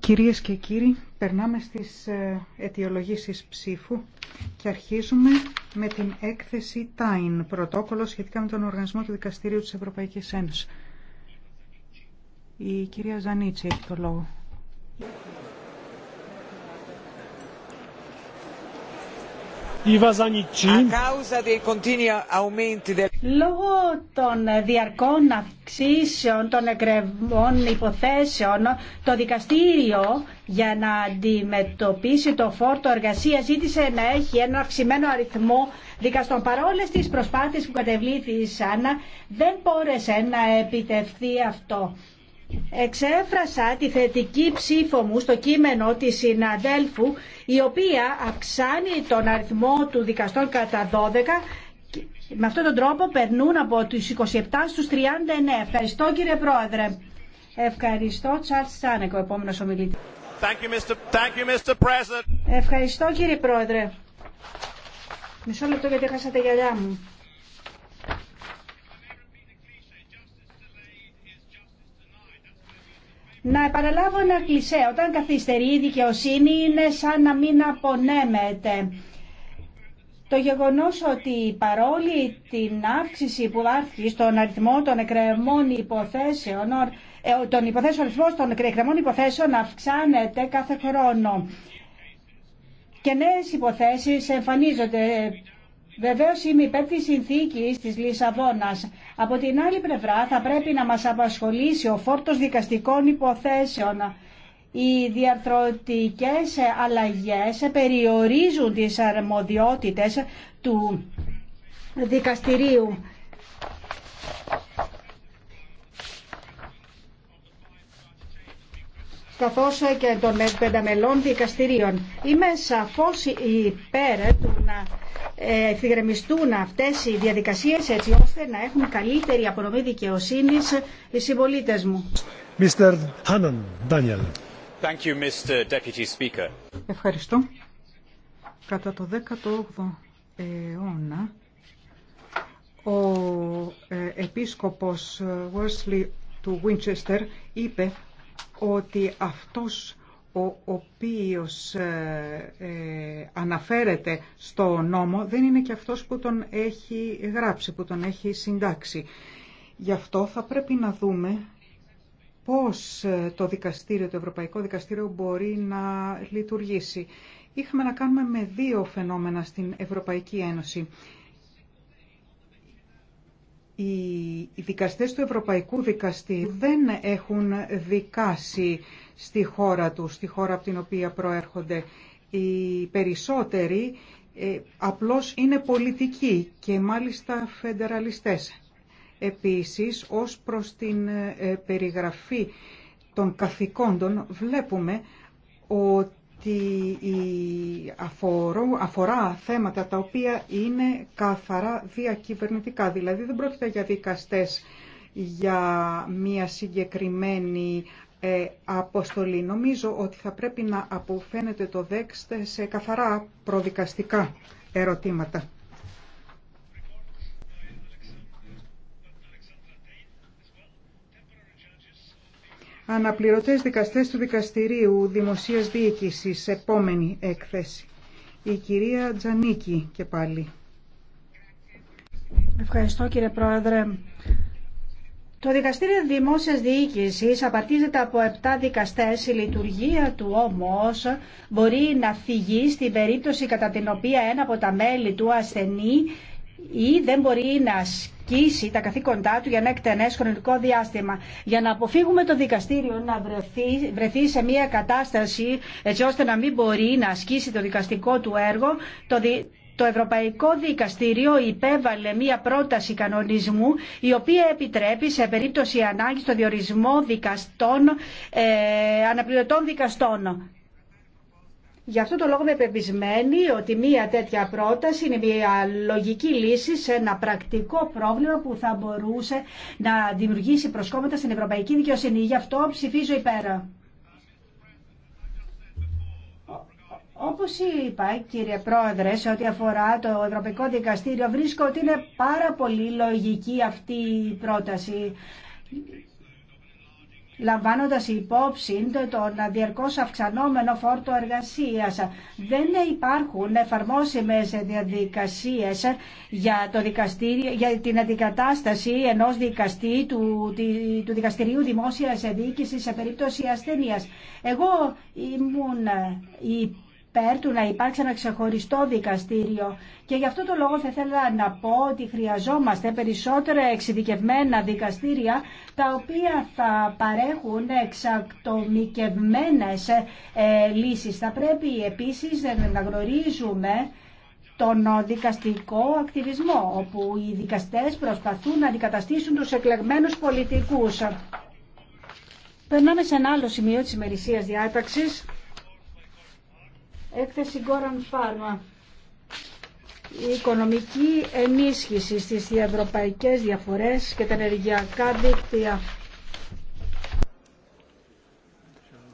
Κυρίες και κύριοι, περνάμε στις ε, αιτιολογήσεις ψήφου και αρχίζουμε με την έκθεση ΤΑΙΝ, πρωτόκολλο σχετικά με τον Οργανισμό του Δικαστηρίου της Ευρωπαϊκής Ένωσης. Η κυρία Ζανίτση έχει το λόγο. Λόγω των διαρκών αυξήσεων των εκρεμών υποθέσεων, το δικαστήριο για να αντιμετωπίσει το φόρτο εργασία ζήτησε να έχει ένα αυξημένο αριθμό δικαστών. Παρόλε τι προσπάθειε που κατεβλήθησαν, δεν μπόρεσε να επιτευχθεί αυτό εξέφρασα τη θετική ψήφο μου στο κείμενο της συναδέλφου η οποία αυξάνει τον αριθμό του δικαστών κατά 12 με αυτόν τον τρόπο περνούν από τους 27 στους 39. Ευχαριστώ κύριε Πρόεδρε. Ευχαριστώ Σάνεκ, ο επόμενος Thank you, Mr. Thank you, Mr. Ευχαριστώ κύριε Πρόεδρε. Μισό λεπτό γιατί έχασα τα γυαλιά μου. Να επαναλάβω ένα κλισέ. Όταν καθυστερεί η δικαιοσύνη είναι σαν να μην απονέμεται. Το γεγονός ότι παρόλη την αύξηση που άρχισε στον αριθμό των εκκρεμών υποθέσεων, ε, τον υποθέσεων αριθμό των εκκρεμών υποθέσεων αυξάνεται κάθε χρόνο. Και νέες υποθέσεις εμφανίζονται Βεβαίω είμαι υπέρ τη συνθήκη τη Λισαβόνα. Από την άλλη πλευρά θα πρέπει να μα απασχολήσει ο φόρτο δικαστικών υποθέσεων. Οι διαρθρωτικές αλλαγές περιορίζουν τις αρμοδιότητες του δικαστηρίου. καθώς και των πενταμελών δικαστηρίων. Είμαι σαφώς υπέρ του εφηγρεμιστούν αυτές οι διαδικασίες έτσι ώστε να έχουν καλύτερη απονομή δικαιοσύνης οι συμπολίτε μου. Mr. Daniel. Thank you, Mr. Deputy Speaker. Ευχαριστώ. Κατά το 18ο αιώνα ο ε, επίσκοπος Worsley του Winchester είπε ότι αυτός ο οποίος ε, ε, αναφέρεται στο νόμο δεν είναι και αυτός που τον έχει γράψει, που τον έχει συντάξει. Γι' αυτό θα πρέπει να δούμε πώς ε, το δικαστήριο, το Ευρωπαϊκό Δικαστήριο μπορεί να λειτουργήσει. Είχαμε να κάνουμε με δύο φαινόμενα στην Ευρωπαϊκή Ένωση οι δικαστές του Ευρωπαϊκού Δικαστήριου δεν έχουν δικάσει στη χώρα του, στη χώρα από την οποία προέρχονται. Οι περισσότεροι ε, απλώς είναι πολιτικοί και μάλιστα φεντεραλιστές. Επίσης, ως προς την ε, περιγραφή των καθηκόντων βλέπουμε ότι οι αφορά θέματα τα οποία είναι καθαρά διακυβερνητικά. Δηλαδή δεν πρόκειται για δικαστές για μια συγκεκριμένη ε, αποστολή. Νομίζω ότι θα πρέπει να αποφαίνεται το δέξτε σε καθαρά προδικαστικά ερωτήματα. Αναπληρωτές δικαστές του Δικαστηρίου Δημοσίας Διοίκησης, επόμενη έκθεση. Η κυρία Τζανίκη και πάλι. Ευχαριστώ κύριε Πρόεδρε. Το Δικαστήριο Δημόσιας Διοίκησης απαρτίζεται από 7 δικαστές. Η λειτουργία του όμως μπορεί να φυγεί στην περίπτωση κατά την οποία ένα από τα μέλη του ασθενεί ή δεν μπορεί να ασκήσει τα καθήκοντά του για ένα εκτενέσει χρονικό διάστημα. Για να αποφύγουμε το δικαστήριο να βρεθεί, βρεθεί σε μια κατάσταση έτσι ώστε να μην μπορεί να ασκήσει το δικαστικό του έργο, το, Το Ευρωπαϊκό Δικαστήριο υπέβαλε μία πρόταση κανονισμού η οποία επιτρέπει σε περίπτωση ανάγκη το διορισμό δικαστών, ε, αναπληρωτών δικαστών. Γι' αυτό το λόγο είμαι πεπισμένη ότι μία τέτοια πρόταση είναι μία λογική λύση σε ένα πρακτικό πρόβλημα που θα μπορούσε να δημιουργήσει προσκόμματα στην ευρωπαϊκή δικαιοσύνη. Γι' αυτό ψηφίζω υπέρα. Όπως είπα, κύριε Πρόεδρε, σε ό,τι αφορά το Ευρωπαϊκό Δικαστήριο, βρίσκω ότι είναι πάρα πολύ λογική αυτή η πρόταση λαμβάνοντας υπόψη τον διαρκώς αυξανόμενο φόρτο εργασίας. Δεν υπάρχουν εφαρμόσιμες διαδικασίες για, το δικαστήριο, για την αντικατάσταση ενός δικαστή του, του Δικαστηρίου Δημόσιας Δίκησης σε περίπτωση ασθενείας. Εγώ ήμουν η υπέρ του να υπάρξει ένα ξεχωριστό δικαστήριο. Και γι' αυτό το λόγο θα ήθελα να πω ότι χρειαζόμαστε περισσότερα εξειδικευμένα δικαστήρια τα οποία θα παρέχουν εξακτομικευμένες ε, λύσεις. Θα πρέπει επίσης να γνωρίζουμε τον δικαστικό ακτιβισμό, όπου οι δικαστές προσπαθούν να αντικαταστήσουν τους εκλεγμένους πολιτικούς. Περνάμε σε ένα άλλο σημείο της ημερησίας διάταξης. Έκθεση Γκόραν Φάρμα. Η οικονομική ενίσχυση στις διευρωπαϊκές διαφορές και τα ενεργειακά δίκτυα.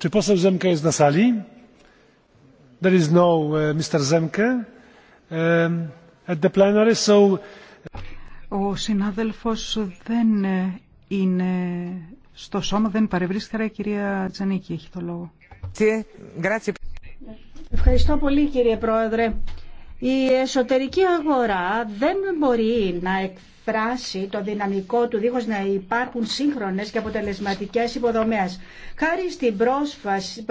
Czy poseł Zemke jest na sali? There is no uh, Mr. Zemke Um, at the plenary, so... Ο συνάδελφος δεν ε, είναι στο σώμα, δεν παρευρίσκεται, κυρία Τζανίκη έχει το λόγο. Ευχαριστώ πολύ κύριε Πρόεδρε. Η εσωτερική αγορά δεν μπορεί να εκφράσει το δυναμικό του δίχως να υπάρχουν σύγχρονες και αποτελεσματικές υποδομές. Χάρη στην πρόσφαση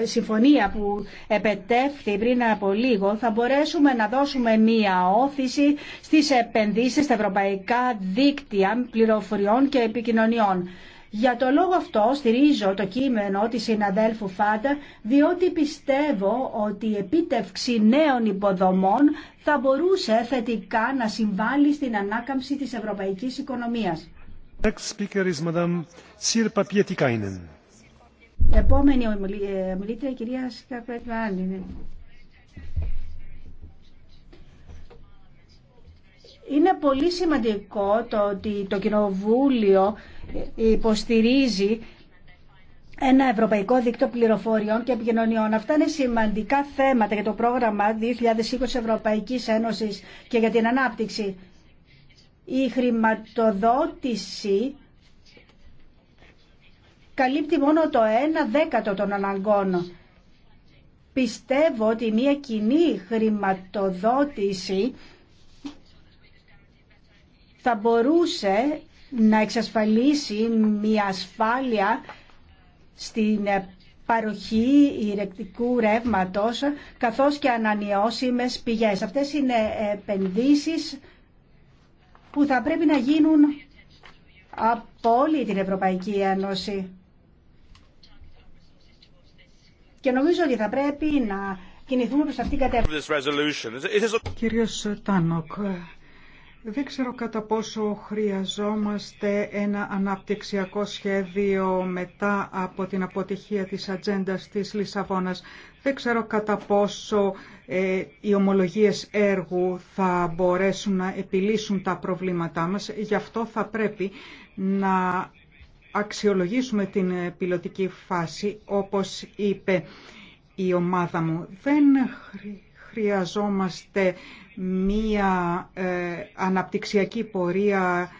ε, συμφωνία που επετεύχθη πριν από λίγο θα μπορέσουμε να δώσουμε μία όθηση στις επενδύσεις στα ευρωπαϊκά δίκτυα πληροφοριών και επικοινωνιών. Για το λόγο αυτό στηρίζω το κείμενο της συναδέλφου Φάτα, διότι πιστεύω ότι η επίτευξη νέων υποδομών θα μπορούσε θετικά να συμβάλλει στην ανάκαμψη της ευρωπαϊκής οικονομίας. Επόμενη ε, ομιλήτρια, η κυρία Είναι πολύ σημαντικό το ότι το Κοινοβούλιο υποστηρίζει ένα ευρωπαϊκό δίκτυο πληροφοριών και επικοινωνιών. Αυτά είναι σημαντικά θέματα για το πρόγραμμα 2020 Ευρωπαϊκής Ένωσης και για την ανάπτυξη. Η χρηματοδότηση καλύπτει μόνο το 1 δέκατο των αναγκών. Πιστεύω ότι μια κοινή χρηματοδότηση θα μπορούσε να εξασφαλίσει μια ασφάλεια στην παροχή ηρεκτικού ρεύματος καθώς και ανανεώσιμες πηγές. Αυτές είναι επενδύσεις που θα πρέπει να γίνουν από όλη την Ευρωπαϊκή Ένωση. Και νομίζω ότι θα πρέπει να κινηθούμε προς αυτήν την κατεύθυνση. Τάνοκ, δεν ξέρω κατά πόσο χρειαζόμαστε ένα αναπτυξιακό σχέδιο μετά από την αποτυχία της ατζέντα της Λισαβόνας. Δεν ξέρω κατά πόσο ε, οι ομολογίες έργου θα μπορέσουν να επιλύσουν τα προβλήματά μας. Γι' αυτό θα πρέπει να αξιολογήσουμε την πιλωτική φάση, όπως είπε η ομάδα μου. Δεν χρειάζεται χρειαζόμαστε μία ε, αναπτυξιακή πορεία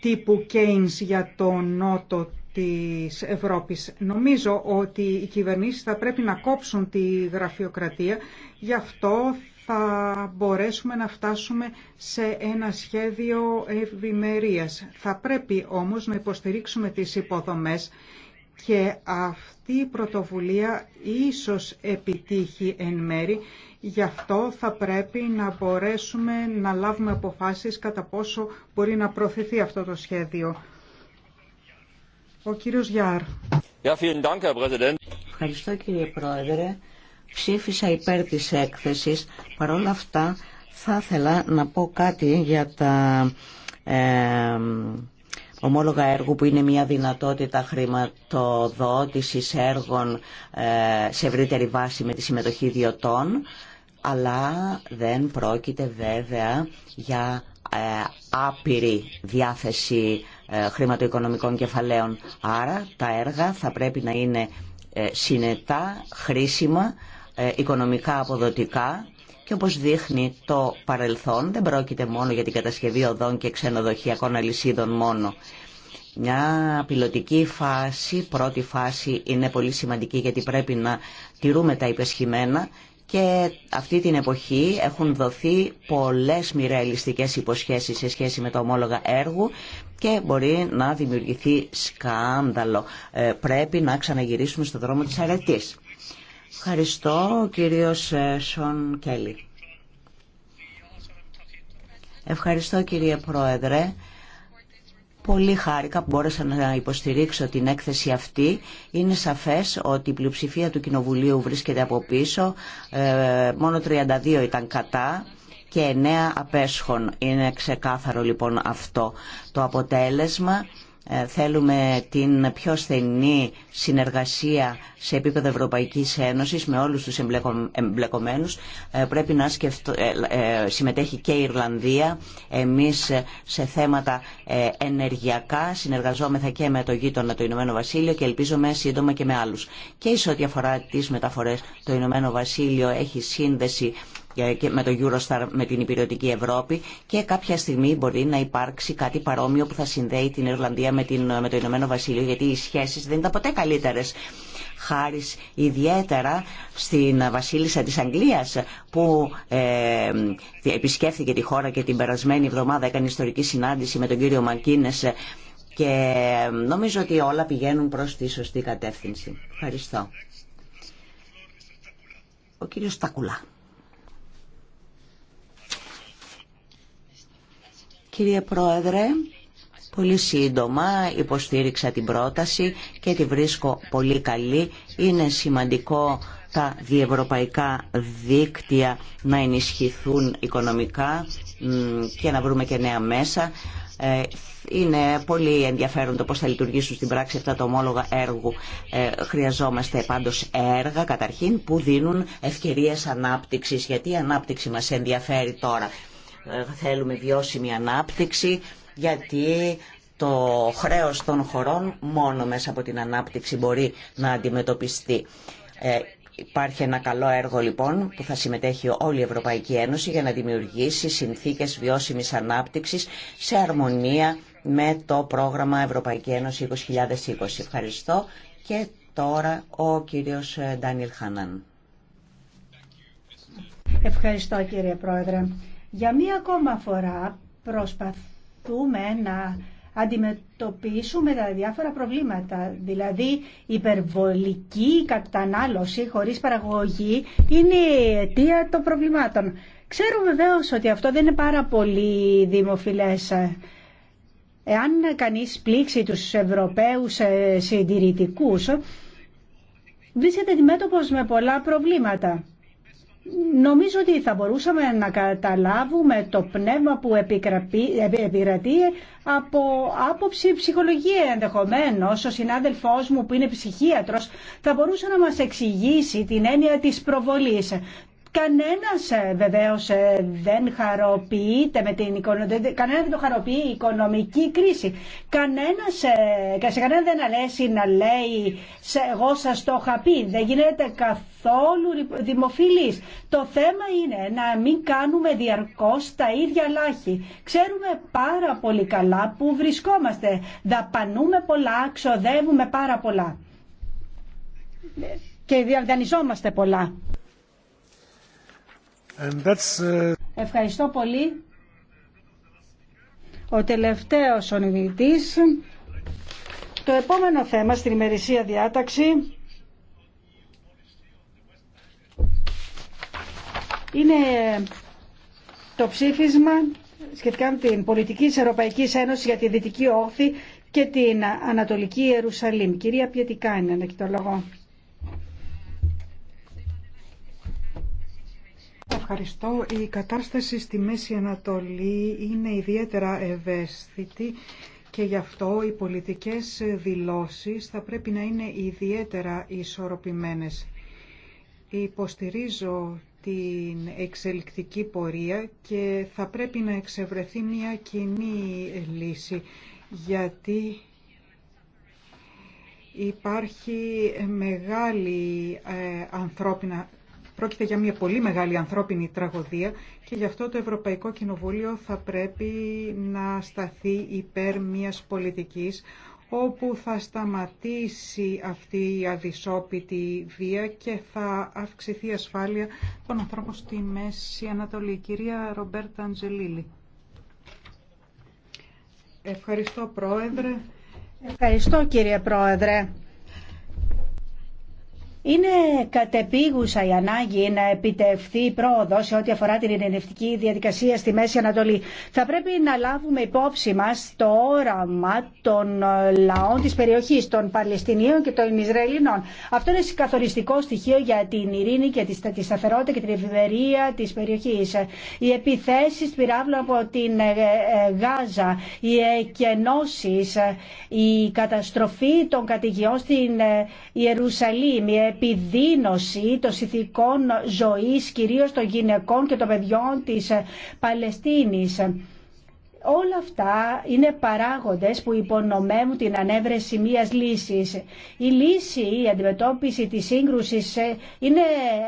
τύπου Keynes για το νότο της Ευρώπης. Νομίζω ότι οι κυβερνήσεις θα πρέπει να κόψουν τη γραφειοκρατία, γι' αυτό θα μπορέσουμε να φτάσουμε σε ένα σχέδιο ευημερία. Θα πρέπει όμως να υποστηρίξουμε τις υποδομές και αυτή η πρωτοβουλία ίσως επιτύχει εν μέρη Γι' αυτό θα πρέπει να μπορέσουμε να λάβουμε αποφάσεις κατά πόσο μπορεί να προθεθεί αυτό το σχέδιο. Ο κύριος Γιάρ. Ευχαριστώ κύριε Πρόεδρε. Ψήφισα υπέρ της έκθεσης. Παρ' όλα αυτά θα ήθελα να πω κάτι για τα ομόλογα έργου που είναι μια δυνατότητα χρηματοδότησης έργων ε, σε ευρύτερη βάση με τη συμμετοχή ιδιωτών αλλά δεν πρόκειται βέβαια για ε, άπειρη διάθεση ε, χρηματοοικονομικών κεφαλαίων. Άρα τα έργα θα πρέπει να είναι ε, συνετά, χρήσιμα, οικονομικά αποδοτικά και όπως δείχνει το παρελθόν δεν πρόκειται μόνο για την κατασκευή οδών και ξενοδοχειακών αλυσίδων μόνο. Μια πιλωτική φάση, πρώτη φάση είναι πολύ σημαντική γιατί πρέπει να τηρούμε τα υπεσχημένα και αυτή την εποχή έχουν δοθεί πολλές μοιραλιστικές υποσχέσεις σε σχέση με το ομόλογα έργου και μπορεί να δημιουργηθεί σκάνδαλο. Ε, πρέπει να ξαναγυρίσουμε στο δρόμο της αρετής. Ευχαριστώ, κύριος ε, Σον Κέλλη. Ευχαριστώ, κύριε Πρόεδρε. Πολύ χάρηκα που μπόρεσα να υποστηρίξω την έκθεση αυτή. Είναι σαφές ότι η πλειοψηφία του Κοινοβουλίου βρίσκεται από πίσω. Ε, μόνο 32 ήταν κατά και 9 απέσχων. Είναι ξεκάθαρο λοιπόν αυτό το αποτέλεσμα. Ε, θέλουμε την πιο στενή συνεργασία σε επίπεδο Ευρωπαϊκής Ένωσης με όλους τους εμπλεκομένους. Ε, πρέπει να ε, συμμετέχει και η Ιρλανδία. Εμείς σε θέματα ενεργειακά συνεργαζόμεθα και με το γείτονα το Ηνωμένο Βασίλειο και ελπίζομαι σύντομα και με άλλους. Και σε ό,τι αφορά τις μεταφορές το Ηνωμένο Βασίλειο έχει σύνδεση με το Eurostar με την υπηρετική Ευρώπη και κάποια στιγμή μπορεί να υπάρξει κάτι παρόμοιο που θα συνδέει την Ιρλανδία με, την, με το Ηνωμένο Βασίλειο γιατί οι σχέσεις δεν ήταν ποτέ καλύτερες χάρη ιδιαίτερα στην βασίλισσα της Αγγλίας που ε, επισκέφθηκε τη χώρα και την περασμένη εβδομάδα έκανε ιστορική συνάντηση με τον κύριο Μακίνες και ε, νομίζω ότι όλα πηγαίνουν προς τη σωστή κατεύθυνση. Ευχαριστώ. Ο κύριος Στακουλά. Κύριε Πρόεδρε, πολύ σύντομα υποστήριξα την πρόταση και τη βρίσκω πολύ καλή. Είναι σημαντικό τα διευρωπαϊκά δίκτυα να ενισχυθούν οικονομικά και να βρούμε και νέα μέσα. Ε, είναι πολύ ενδιαφέρον το πώς θα λειτουργήσουν στην πράξη αυτά τα ομόλογα έργου. Ε, χρειαζόμαστε πάντως έργα καταρχήν που δίνουν ευκαιρίες ανάπτυξης γιατί η ανάπτυξη μας ενδιαφέρει τώρα θέλουμε βιώσιμη ανάπτυξη γιατί το χρέος των χωρών μόνο μέσα από την ανάπτυξη μπορεί να αντιμετωπιστεί. Ε, υπάρχει ένα καλό έργο λοιπόν που θα συμμετέχει όλη η Ευρωπαϊκή Ένωση για να δημιουργήσει συνθήκες βιώσιμης ανάπτυξης σε αρμονία με το πρόγραμμα Ευρωπαϊκή Ένωση 2020. Ευχαριστώ και τώρα ο κύριος ε, Ντάνιλ Χάναν. Ευχαριστώ κύριε Πρόεδρε. Για μία ακόμα φορά προσπαθούμε να αντιμετωπίσουμε τα διάφορα προβλήματα. Δηλαδή, υπερβολική κατανάλωση χωρίς παραγωγή είναι η αιτία των προβλημάτων. Ξέρω βεβαίω ότι αυτό δεν είναι πάρα πολύ δημοφιλές. Εάν κανείς πλήξει τους Ευρωπαίους ε, συντηρητικούς, βρίσκεται αντιμέτωπος με πολλά προβλήματα. Νομίζω ότι θα μπορούσαμε να καταλάβουμε το πνεύμα που επικρατεί από άποψη ψυχολογία ενδεχομένως. Ο συνάδελφός μου που είναι ψυχίατρος θα μπορούσε να μας εξηγήσει την έννοια της προβολής. Κανένας ε, βεβαίως ε, δεν χαροποιείται με την κανένα δεν το η οικονομική κρίση. Κανένας, ε, σε κανένα δεν αρέσει να λέει σε, εγώ σας το είχα πει. Δεν γίνεται καθόλου δημοφιλής. Το θέμα είναι να μην κάνουμε διαρκώς τα ίδια λάχη. Ξέρουμε πάρα πολύ καλά που βρισκόμαστε. Δαπανούμε πολλά, ξοδεύουμε πάρα πολλά. Και διαδανειζόμαστε πολλά. Uh, Ευχαριστώ πολύ. Ο τελευταίος ονειδητής. Το επόμενο θέμα στην ημερησία διάταξη είναι το ψήφισμα σχετικά με την πολιτική της Ευρωπαϊκής Ένωσης για τη Δυτική Όχθη και την Ανατολική Ιερουσαλήμ. Κυρία Πιετικά είναι λόγο. Ευχαριστώ. Η κατάσταση στη Μέση Ανατολή είναι ιδιαίτερα ευαίσθητη και γι' αυτό οι πολιτικές δηλώσεις θα πρέπει να είναι ιδιαίτερα ισορροπημένες. Υποστηρίζω την εξελικτική πορεία και θα πρέπει να εξευρεθεί μια κοινή λύση γιατί υπάρχει μεγάλη ε, ανθρώπινα Πρόκειται για μια πολύ μεγάλη ανθρώπινη τραγωδία και γι' αυτό το Ευρωπαϊκό Κοινοβούλιο θα πρέπει να σταθεί υπέρ μιας πολιτικής όπου θα σταματήσει αυτή η αδυσόπιτη βία και θα αυξηθεί η ασφάλεια των ανθρώπων στη Μέση Ανατολή. Κυρία Ρομπέρτα Αντζελίλη. Ευχαριστώ Πρόεδρε. Ευχαριστώ κύριε Πρόεδρε. Είναι κατεπίγουσα η ανάγκη να επιτευχθεί πρόοδο σε ό,τι αφορά την ειρηνευτική διαδικασία στη Μέση Ανατολή. Θα πρέπει να λάβουμε υπόψη μα το όραμα των λαών τη περιοχή, των Παλαιστινίων και των Ισραηλινών. Αυτό είναι καθοριστικό στοιχείο για την ειρήνη και τη σταθερότητα και την ευημερία τη περιοχή. Οι επιθέσει πυράβλων από την ε, ε, Γάζα, οι εκενώσει, η καταστροφή των κατοικιών στην ε, Ιερουσαλήμ, Επιδείνωση των συνθηκών ζωής κυρίως των γυναικών και των παιδιών της Παλαιστίνης. Όλα αυτά είναι παράγοντες που υπονομεύουν την ανέβρεση μιας λύσης. Η λύση, η αντιμετώπιση της σύγκρουσης ε, είναι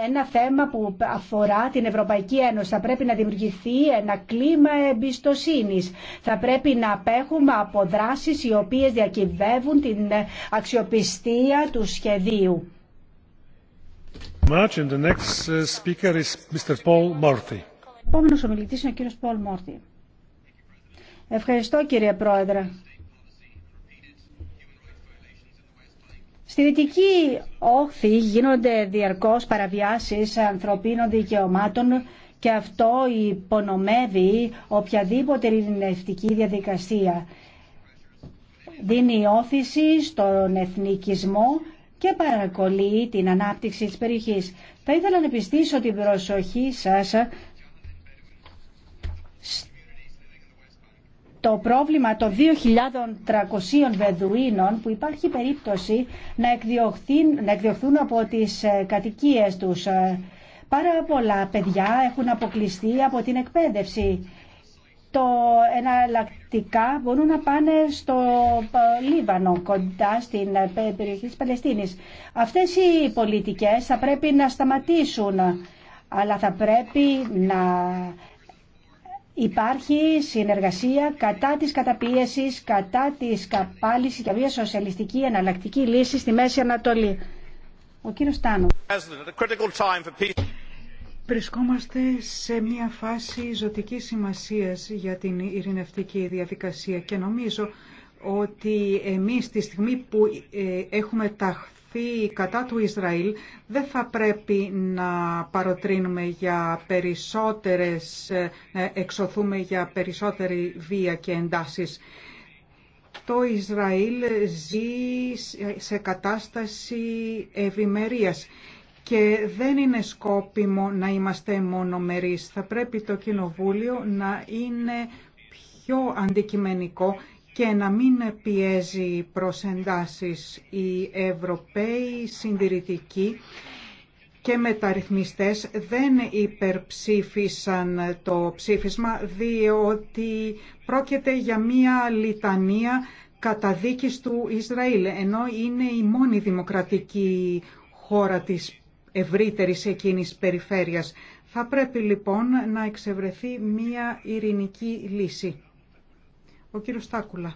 ένα θέμα που αφορά την Ευρωπαϊκή Ένωση. Θα πρέπει να δημιουργηθεί ένα κλίμα εμπιστοσύνης. Θα πρέπει να απέχουμε από δράσεις οι οποίες διακυβεύουν την αξιοπιστία του σχεδίου. Ευχαριστώ κύριε Πρόεδρε. Στη Δυτική Όχθη γίνονται διαρκώς παραβιάσεις ανθρωπίνων δικαιωμάτων και αυτό υπονομεύει οποιαδήποτε ειρηνευτική διαδικασία. Δίνει όθηση στον εθνικισμό και παρακολεί την ανάπτυξη της περιοχής. Θα ήθελα να επιστήσω την προσοχή σας το πρόβλημα των 2.300 Βεδουίνων που υπάρχει περίπτωση να, να εκδιωχθούν από τις ε, κατοικίες τους. Ε, πάρα πολλά παιδιά έχουν αποκλειστεί από την εκπαίδευση το εναλλακτικά μπορούν να πάνε στο ε, Λίβανο, κοντά στην ε, περιοχή της Παλαιστίνης. Αυτές οι πολιτικές θα πρέπει να σταματήσουν, αλλά θα πρέπει να υπάρχει συνεργασία κατά της καταπίεσης, κατά της καπάλησης για μια σοσιαλιστική εναλλακτική λύση στη Μέση Ανατολή. Ο κύριος Τάνο. Βρισκόμαστε σε μια φάση ζωτικής σημασίας για την ειρηνευτική διαδικασία και νομίζω ότι εμείς τη στιγμή που ε, έχουμε ταχθεί κατά του Ισραήλ δεν θα πρέπει να παροτρύνουμε για περισσότερες, ε, να εξωθούμε για περισσότερη βία και εντάσεις. Το Ισραήλ ζει σε κατάσταση ευημερίας και δεν είναι σκόπιμο να είμαστε μόνο μονομερείς. Θα πρέπει το Κοινοβούλιο να είναι πιο αντικειμενικό και να μην πιέζει προς εντάσεις οι Ευρωπαίοι συντηρητικοί και μεταρρυθμιστές δεν υπερψήφισαν το ψήφισμα διότι πρόκειται για μία λιτανία καταδίκης του Ισραήλ ενώ είναι η μόνη δημοκρατική χώρα της ευρύτερης εκείνης περιφέρειας. Θα πρέπει λοιπόν να εξευρεθεί μία ειρηνική λύση. Ο κύριος Στάκουλα.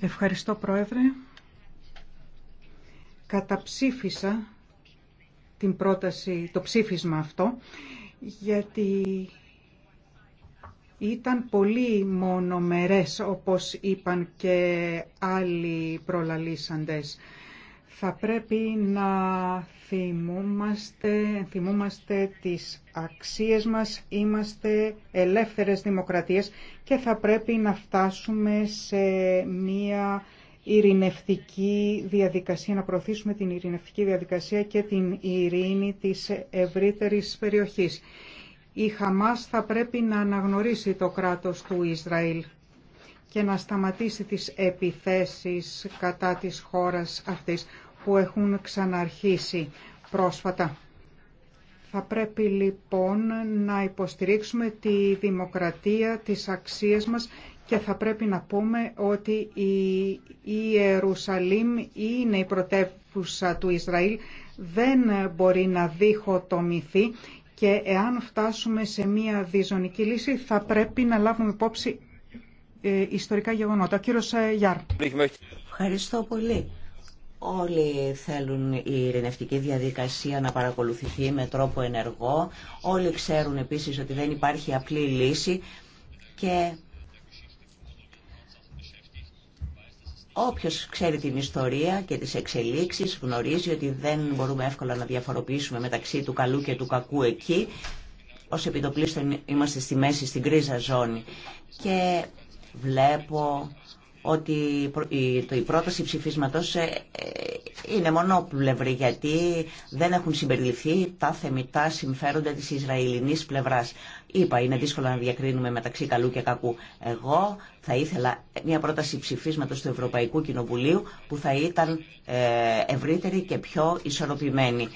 Ευχαριστώ Πρόεδρε. Καταψήφισα την πρόταση, το ψήφισμα αυτό, γιατί ήταν πολύ μονομερές όπως είπαν και άλλοι προλαλήσαντες. Θα πρέπει να θυμούμαστε, θυμούμαστε τις αξίες μας, είμαστε ελεύθερες δημοκρατίες και θα πρέπει να φτάσουμε σε μία ειρηνευτική διαδικασία, να προωθήσουμε την ειρηνευτική διαδικασία και την ειρήνη της ευρύτερης περιοχής η Χαμάς θα πρέπει να αναγνωρίσει το κράτος του Ισραήλ και να σταματήσει τις επιθέσεις κατά της χώρας αυτής που έχουν ξαναρχίσει πρόσφατα. Θα πρέπει λοιπόν να υποστηρίξουμε τη δημοκρατία, τις αξίες μας και θα πρέπει να πούμε ότι η Ιερουσαλήμ είναι η πρωτεύουσα του Ισραήλ, δεν μπορεί να το μυθι. Και εάν φτάσουμε σε μία διζωνική λύση θα πρέπει να λάβουμε υπόψη ε, ιστορικά γεγονότα. Ο κύριος ε, Γιάρ. Ευχαριστώ πολύ. Όλοι θέλουν η ειρηνευτική διαδικασία να παρακολουθηθεί με τρόπο ενεργό. Όλοι ξέρουν επίσης ότι δεν υπάρχει απλή λύση και Όποιος ξέρει την ιστορία και τις εξελίξεις γνωρίζει ότι δεν μπορούμε εύκολα να διαφοροποιήσουμε μεταξύ του καλού και του κακού εκεί. Ως επιτοπλίστων είμαστε στη μέση, στην κρίζα ζώνη. Και βλέπω ότι η πρόταση ψηφίσματος ε, ε, είναι μονοπλευρή γιατί δεν έχουν συμπεριληφθεί τα θεμητά συμφέροντα της Ισραηλινής πλευράς. Είπα, είναι δύσκολο να διακρίνουμε μεταξύ καλού και κακού. Εγώ θα ήθελα μια πρόταση ψηφίσματος του Ευρωπαϊκού Κοινοβουλίου που θα ήταν ε, ευρύτερη και πιο ισορροπημένη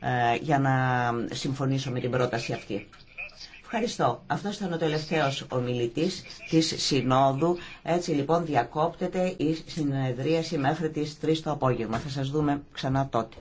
ε, για να συμφωνήσω με την πρόταση αυτή. Ευχαριστώ. Αυτό ήταν ο τελευταίο ομιλητή τη Συνόδου. Έτσι λοιπόν διακόπτεται η συνεδρίαση μέχρι τι 3 το απόγευμα. Θα σα δούμε ξανά τότε.